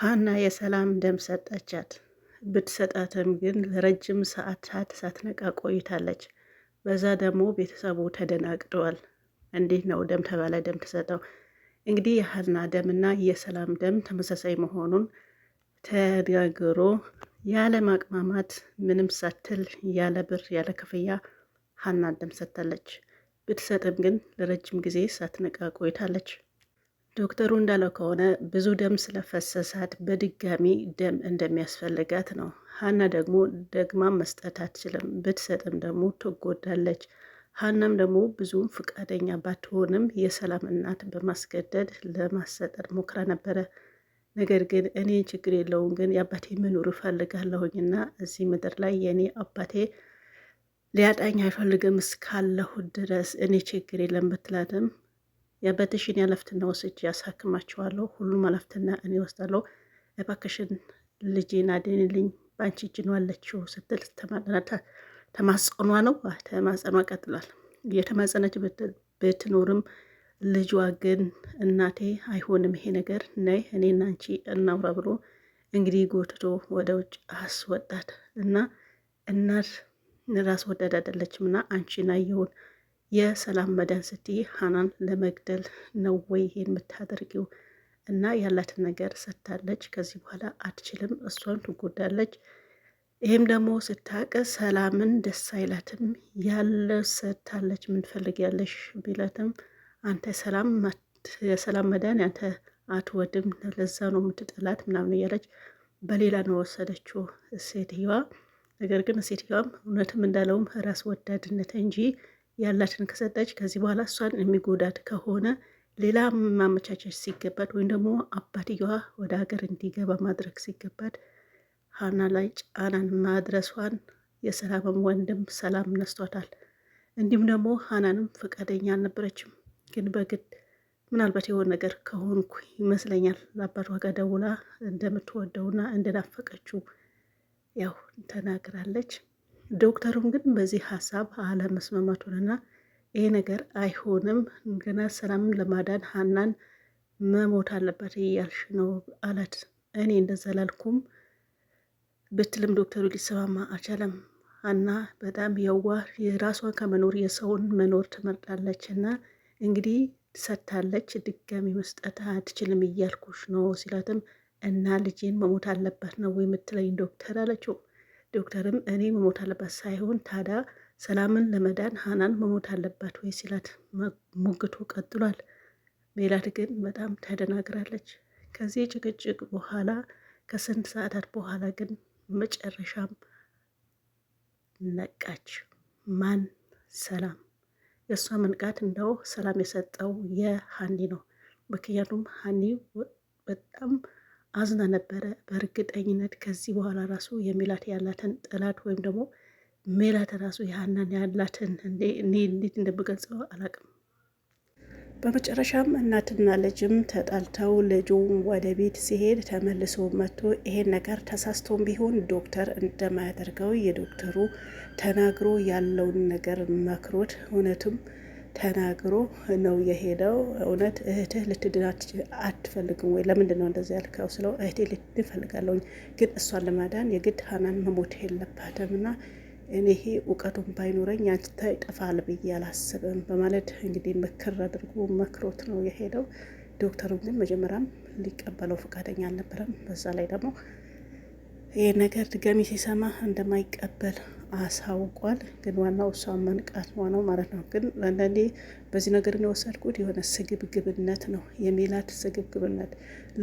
ሀና የሰላም ደም ሰጠቻት። ብትሰጣትም ግን ለረጅም ሰዓታት ሳትነቃ ቆይታለች። በዛ ደግሞ ቤተሰቡ ተደናግጠዋል። እንዲህ ነው ደም ተባለ ደም ተሰጠው። እንግዲህ የሀና ደም እና የሰላም ደም ተመሳሳይ መሆኑን ተነግሮ ያለ ማቅማማት ምንም ሳትል ያለ ብር ያለ ክፍያ ሀና ደም ሰጥታለች። ብትሰጥም ግን ለረጅም ጊዜ ሳትነቃ ቆይታለች። ዶክተሩ እንዳለው ከሆነ ብዙ ደም ስለፈሰሳት በድጋሚ ደም እንደሚያስፈልጋት ነው። ሀና ደግሞ ደግማ መስጠት አትችልም፣ ብትሰጥም ደግሞ ትጎዳለች። ሀናም ደግሞ ብዙም ፍቃደኛ ባትሆንም የሰላም እናት በማስገደድ ለማሰጠር ሞክራ ነበረ። ነገር ግን እኔ ችግር የለውም ግን የአባቴ መኖር እፈልጋለሁኝና እዚህ ምድር ላይ የእኔ አባቴ ሊያጣኝ አይፈልግም እስካለሁ ድረስ እኔ ችግር የለም ብትላትም የበትሽን ያለፍትና ወስጄ ያሳክማቸዋለሁ። ሁሉም አለፍትና እኔ ወስዳለሁ። እባክሽን ልጄን አድንልኝ፣ በአንቺ እጅ ነው ያለችው ስትል ተማጸኗ ነው ተማጸኗ ቀጥሏል። የተማጸነች ብትኖርም ልጇ ግን እናቴ አይሆንም ይሄ ነገር ነይ እኔና አንቺ እናውራ ብሎ እንግዲህ ጎትቶ ወደ ውጭ አስወጣት እና እናት ራስ ወዳድ አይደለችም እና አንቺን አየውን የሰላም መዳን ስትይ ሀናን ለመግደል ነው ወይ የምታደርጊው? እና ያላትን ነገር ሰጥታለች። ከዚህ በኋላ አትችልም፣ እሷን ትጎዳለች። ይህም ደግሞ ስታቀ ሰላምን ደስ አይላትም። ያለ ሰጥታለች፣ ምን ትፈልጊያለሽ ቢላትም አንተ ሰላም የሰላም መዳን አንተ አትወድም፣ ለዛ ነው የምትጠላት ምናምን እያለች በሌላ ነው ወሰደችው ሴትየዋ። ነገር ግን ሴትየዋም እውነትም እንዳለውም ራስ ወዳድነት እንጂ ያላትን ከሰጠች ከዚህ በኋላ እሷን የሚጎዳት ከሆነ ሌላ ማመቻቸት ሲገባት ወይም ደግሞ አባትየዋ ወደ ሀገር እንዲገባ ማድረግ ሲገባት ሀና ላይ ጫናን ማድረሷን የሰላምም ወንድም ሰላም ነስቷታል። እንዲሁም ደግሞ ሀናንም ፈቃደኛ አልነበረችም። ግን በግድ ምናልባት የሆነ ነገር ከሆንኩ ይመስለኛል ለአባቷ ጋር ደውላ እንደምትወደውና እንደናፈቀችው ያው ተናግራለች። ዶክተሩም ግን በዚህ ሀሳብ አለመስማማቱንና ይሄ ነገር አይሆንም፣ ገና ሰላምን ለማዳን ሀናን መሞት አለበት እያልሽ ነው አላት። እኔ እንደዛ ላልኩም ብትልም ዶክተሩ ሊሰማማ አልቻለም። ሀና በጣም የዋ የራሷን ከመኖር የሰውን መኖር ትመርጣለች እና እንግዲህ ሰጥታለች፣ ድጋሚ መስጠት አትችልም እያልኩሽ ነው ሲላትም እና ልጄን መሞት አለበት ነው የምትለኝ ዶክተር አለችው። ዶክተርም እኔ መሞት አለባት ሳይሆን ታዲያ ሰላምን ለመዳን ሀናን መሞት አለባት ወይ ሲላት ሙግቱ ቀጥሏል። ሜላት ግን በጣም ተደናግራለች። ከዚህ ጭቅጭቅ በኋላ ከስንት ሰዓታት በኋላ ግን መጨረሻም ነቃች። ማን ሰላም? የእሷ መንቃት እንደው ሰላም የሰጠው የሀኒ ነው። ምክንያቱም ሀኒ በጣም አዝና ነበረ። በእርግጠኝነት ከዚህ በኋላ ራሱ የሚላት ያላትን ጠላት ወይም ደግሞ ሜላት ራሱ ያናን ያላትን እንዴት እንደምገልጸው አላቅም። በመጨረሻም እናትና ልጅም ተጣልተው ልጁ ወደ ቤት ሲሄድ ተመልሶ መጥቶ ይሄን ነገር ተሳስቶም ቢሆን ዶክተር እንደማያደርገው የዶክተሩ ተናግሮ ያለውን ነገር መክሮት እውነቱም ተናግሮ ነው የሄደው። እውነት እህትህ ልትድን አትፈልግም ወይ? ለምንድን ነው እንደዚህ ያልከው ስለው እህቴ ልትድን ፈልጋለሁኝ፣ ግን እሷን ለማዳን የግድ ሀናን መሞት የለባትም እና እኔ ይሄ እውቀቱን ባይኖረኝ ያንተ ይጠፋል ብዬ አላስብም በማለት እንግዲህ ምክር አድርጎ መክሮት ነው የሄደው። ዶክተሩም ግን መጀመሪያም ሊቀበለው ፈቃደኛ አልነበረም። በዛ ላይ ደግሞ ይህ ነገር ድጋሚ ሲሰማ እንደማይቀበል አሳውቋል። ግን ዋናው እሷ መንቃት ሆነው ማለት ነው። ግን አንዳንዴ በዚህ ነገር የወሰድኩት የሆነ ስግብግብነት ነው የሚላት ስግብግብነት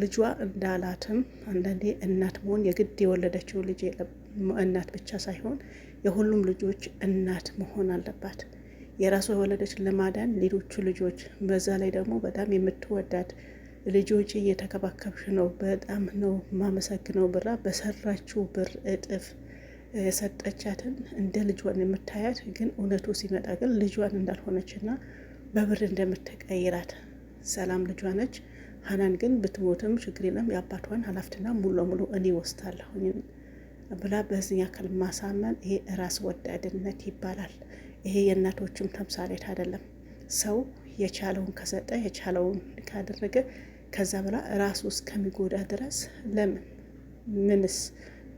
ልጇ እንዳላትም አንዳንዴ እናት መሆን የግድ የወለደችው ልጅ እናት ብቻ ሳይሆን የሁሉም ልጆች እናት መሆን አለባት። የራሷ የወለደች ለማዳን ሌሎቹ ልጆች በዛ ላይ ደግሞ በጣም የምትወዳት ልጆች እየተከባከብሽ ነው፣ በጣም ነው ማመሰግነው ብራ በሰራችው ብር እጥፍ የሰጠቻትን እንደ ልጇን የምታያት ግን እውነቱ ሲመጣ ግን ልጇን እንዳልሆነችና በብር እንደምትቀይራት ሰላም ልጇ ነች። ሀናን ግን ብትሞትም ችግር የለም የአባቷን ኃላፊነትና ሙሉ ለሙሉ እኔ ወስዳለሁ ብላ በዚህ ያክል ማሳመን ይሄ ራስ ወዳድነት ይባላል። ይሄ የእናቶችም ተምሳሌት አይደለም። ሰው የቻለውን ከሰጠ የቻለውን ካደረገ ከዛ ብላ ራሱ እስከሚጎዳ ድረስ ለምን ምንስ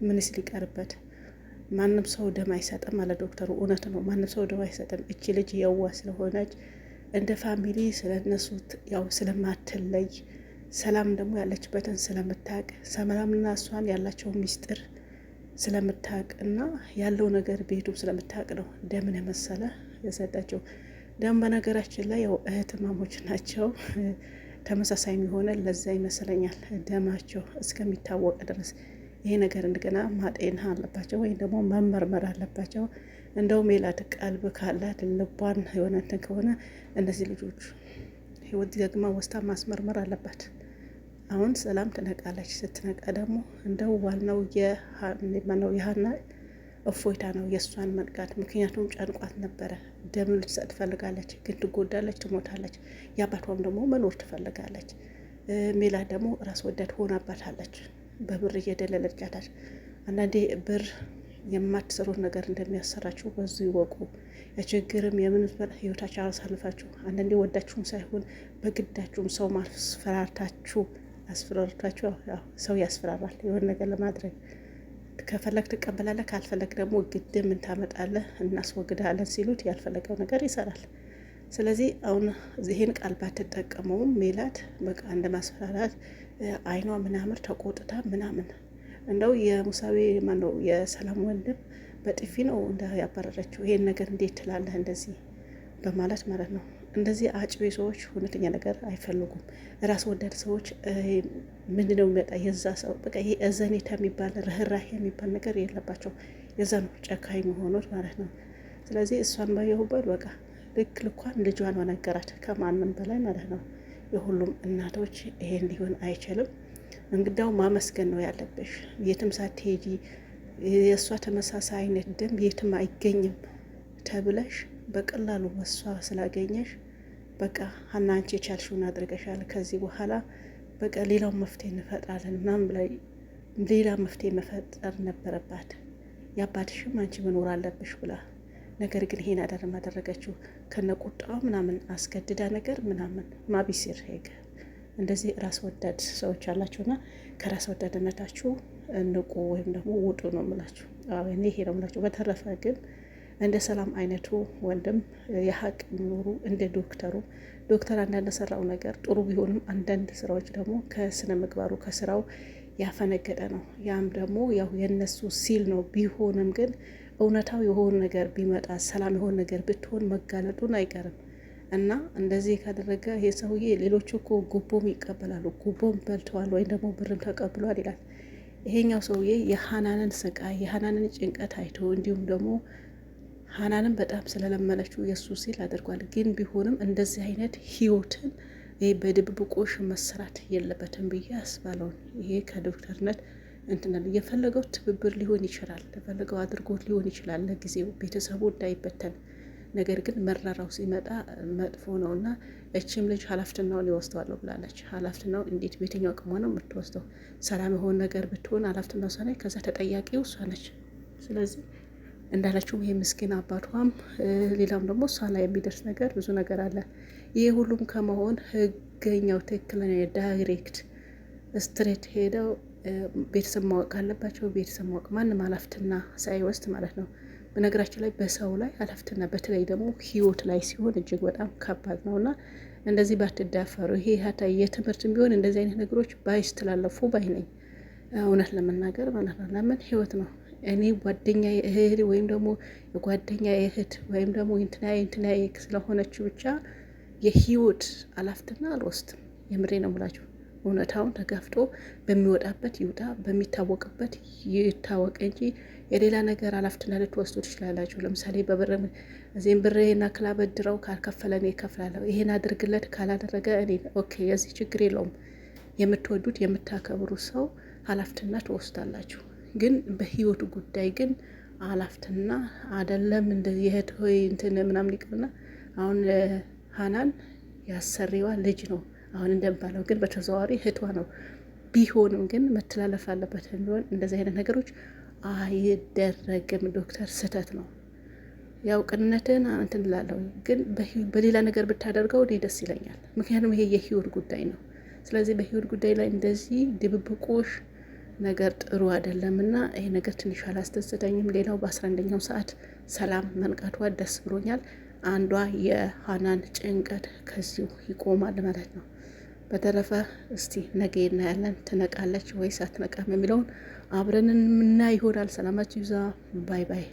ምንስ ሊቀርበት ማንም ሰው ደም አይሰጥም አለ ዶክተሩ። እውነት ነው፣ ማንም ሰው ደም አይሰጥም። እቺ ልጅ የዋ ስለሆነች እንደ ፋሚሊ ስለነሱ ያው ስለማትለይ ሰላም ደግሞ ያለችበትን ስለምታቅ ሰላምና እሷን ያላቸው ሚስጥር ስለምታቅ እና ያለው ነገር ቤቱም ስለምታቅ ነው ደምን የመሰለ የሰጠችው ደም። በነገራችን ላይ ያው እህትማሞች ናቸው ተመሳሳይ የሆነ ለዛ ይመስለኛል ደማቸው እስከሚታወቅ ድረስ ይሄ ነገር እንደገና ማጤን አለባቸው ወይም ደግሞ መመርመር አለባቸው። እንደው ሜላት ቀልብ ካላት ልቧን የሆነ እንትን ከሆነ እነዚህ ልጆች ህይወት ደግማ ወስታ ማስመርመር አለባት። አሁን ሰላም ትነቃለች። ስትነቃ ደግሞ እንደው ዋናው ነው የሀና እፎይታ ነው የእሷን መንቃት። ምክንያቱም ጨንቋት ነበረ። ደም ልትሰጥ ትፈልጋለች፣ ግን ትጎዳለች፣ ትሞታለች። የአባቷም ደግሞ መኖር ትፈልጋለች። ሜላት ደግሞ ራስ ወዳድ ሆናባታለች። በብር እየደለለ አንዳንዴ ብር የማትሰሩት ነገር እንደሚያሰራችሁ በዙ ይወቁ። የችግርም የምንም ህይወታችሁ አሳልፋችሁ አንዳንዴ ወዳችሁም ሳይሆን በግዳችሁም ሰው ማስፈራርታችሁ አስፈራርታችሁ ሰው ያስፈራራል የሆነ ነገር ለማድረግ ከፈለግ ትቀበላለህ፣ ካልፈለግ ደግሞ ግድ ምን ታመጣለህ እናስወግድሃለን ሲሉት ያልፈለገው ነገር ይሰራል። ስለዚህ አሁን ይሄን ቃል ባትጠቀመውም ሜላት በቃ እንደ ማስፈራራት አይኗ ምናምን ተቆጥታ ምናምን እንደው የሙሳዊ ማነው የሰላም ወንድም በጥፊ ነው እንደ ያባረረችው። ይሄን ነገር እንዴት ትላለህ እንደዚህ በማለት ማለት ነው። እንደዚህ አጭቤ ሰዎች እውነተኛ ነገር አይፈልጉም። ራስ ወዳድ ሰዎች ምንድነው የሚመጣ የዛ ሰው በቃ ይሄ እዘኔታ የሚባል ርህራሄ የሚባል ነገር የለባቸው። የዛ ነው ጨካኝ መሆኖች ማለት ነው። ስለዚህ እሷን ባየሁበት በቃ ልክ ልኳን ልጇን ነገራት ከማንም በላይ ማለት ነው። የሁሉም እናቶች ይሄን ሊሆን አይችልም። እንግዳው ማመስገን ነው ያለብሽ። የትም ሳትሄጂ የእሷ ተመሳሳይ አይነት ደም የትም አይገኝም ተብለሽ በቀላሉ በሷ ስላገኘሽ በቃ ሀና አንቺ የቻልሽውን አድርገሻል። ከዚህ በኋላ በቃ ሌላው መፍትሄ እንፈጥራለን ምናምን ላይ ሌላ መፍትሄ መፈጠር ነበረባት። የአባትሽም አንቺ መኖር አለብሽ ብላ ነገር ግን ይሄን አደለም አደረገችው። ከነቁጣ ምናምን አስገድዳ ነገር ምናምን ማቢሲር ሄገ እንደዚህ ራስ ወዳድ ሰዎች አላቸውና ከራስ ወዳድነታችሁ ንቁ ወይም ደግሞ ውጡ ነው ምላችሁ። እኔ ይሄ ነው ምላችሁ። በተረፈ ግን እንደ ሰላም አይነቱ ወንድም የሀቅ የሚኖሩ እንደ ዶክተሩ ዶክተር አንዳንድ ሰራው ነገር ጥሩ ቢሆንም አንዳንድ ስራዎች ደግሞ ከስነ ምግባሩ ከስራው ያፈነገጠ ነው። ያም ደግሞ ያው የነሱ ሲል ነው ቢሆንም ግን እውነታው የሆነ ነገር ቢመጣ ሰላም የሆነ ነገር ብትሆን መጋለጡን አይቀርም እና እንደዚህ ካደረገ ይሄ ሰውዬ ሌሎቹ እኮ ጉቦም ይቀበላሉ፣ ጉቦም በልተዋል ወይም ደግሞ ብርም ተቀብሏል ይላል። ይሄኛው ሰውዬ የሀናንን ስቃይ የሀናንን ጭንቀት አይቶ እንዲሁም ደግሞ ሀናንን በጣም ስለለመነችው የእሱ ሲል አድርጓል። ግን ቢሆንም እንደዚህ አይነት ህይወትን በድብብቆሽ መሰራት የለበትም ብዬ አስባለውን ይሄ ከዶክተርነት እንትናል የፈለገው ትብብር ሊሆን ይችላል፣ የፈለገው አድርጎት ሊሆን ይችላል። ለጊዜው ቤተሰቡ እንዳይበተን ነገር ግን መራራው ሲመጣ መጥፎ ነው እና እችም ልጅ ኃላፊነቱን ይወስደዋለሁ ብላለች። ኃላፊነቱን እንዴት ቤተኛው ቅሞ ነው የምትወስደው? ሰላም የሆን ነገር ብትሆን ኃላፊነቱን እሷ ነች። ከዛ ተጠያቂ እሷ ነች። ስለዚህ እንዳለችውም ይሄ ምስኪን አባቷም ሌላም ደግሞ እሷ ላይ የሚደርስ ነገር ብዙ ነገር አለ። ይሄ ሁሉም ከመሆን ህገኛው ትክክለኛ ዳይሬክት ስትሬት ሄደው ቤተሰብ ማወቅ ካለባቸው ቤተሰብ ማወቅ ማንም አላፍትና ሳይወስድ ማለት ነው። በነገራችን ላይ በሰው ላይ አላፍትና በተለይ ደግሞ ህይወት ላይ ሲሆን እጅግ በጣም ከባድ ነው እና እንደዚህ ባትዳፈሩ። ይሄ ሀታ የትምህርት ቢሆን እንደዚህ አይነት ነገሮች ባይስተላለፉ ባይ ነኝ፣ እውነት ለመናገር ማለት ነው። ለምን ህይወት ነው። እኔ ጓደኛ እህት ወይም ደግሞ የጓደኛ እህት ወይም ደግሞ እንትና እንትና ስለሆነች ብቻ የህይወት አላፍትና አልወስድም። የምሬ ነው ሙላቸው። እውነታውን ተጋፍጦ በሚወጣበት ይውጣ፣ በሚታወቅበት ይታወቅ እንጂ የሌላ ነገር አላፍትና ልትወስዱ ትችላላችሁ። ለምሳሌ በብር እዚህም ብር ይሄን አክል አበድረው ካልከፈለ እኔ እከፍላለሁ፣ ይሄን አድርግለት ካላደረገ እኔ ኦኬ፣ የዚህ ችግር የለውም። የምትወዱት የምታከብሩ ሰው አላፍትና ትወስዳላችሁ። ግን በህይወት ጉዳይ ግን አላፍትና አደለም እንደየህት ሆይ እንትን ምናምን ይቅርና አሁን ሀናን ያሰሪዋ ልጅ ነው አሁን እንደሚባለው ግን በተዘዋዋሪ እህቷ ነው። ቢሆንም ግን መተላለፍ አለበት ቢሆን እንደዚህ አይነት ነገሮች አይደረግም። ዶክተር ስህተት ነው። ያው ቅንነትን እንትን እላለሁ፣ ግን በሌላ ነገር ብታደርገው እኔ ደስ ይለኛል። ምክንያቱም ይሄ የህይወት ጉዳይ ነው። ስለዚህ በህይወት ጉዳይ ላይ እንደዚህ ድብብቆሽ ነገር ጥሩ አይደለም እና ይሄ ነገር ትንሽ አላስደሰተኝም። ሌላው በአስራ አንደኛው ሰዓት ሰላም መንቃቷ ደስ ብሎኛል። አንዷ የሀናን ጭንቀት ከዚሁ ይቆማል ማለት ነው። በተረፈ እስቲ ነገ እናያለን። ትነቃለች ወይስ አትነቃም የሚለውን አብረን ምና ይሆናል። ሰላማችሁ ይዛ ባይ ባይ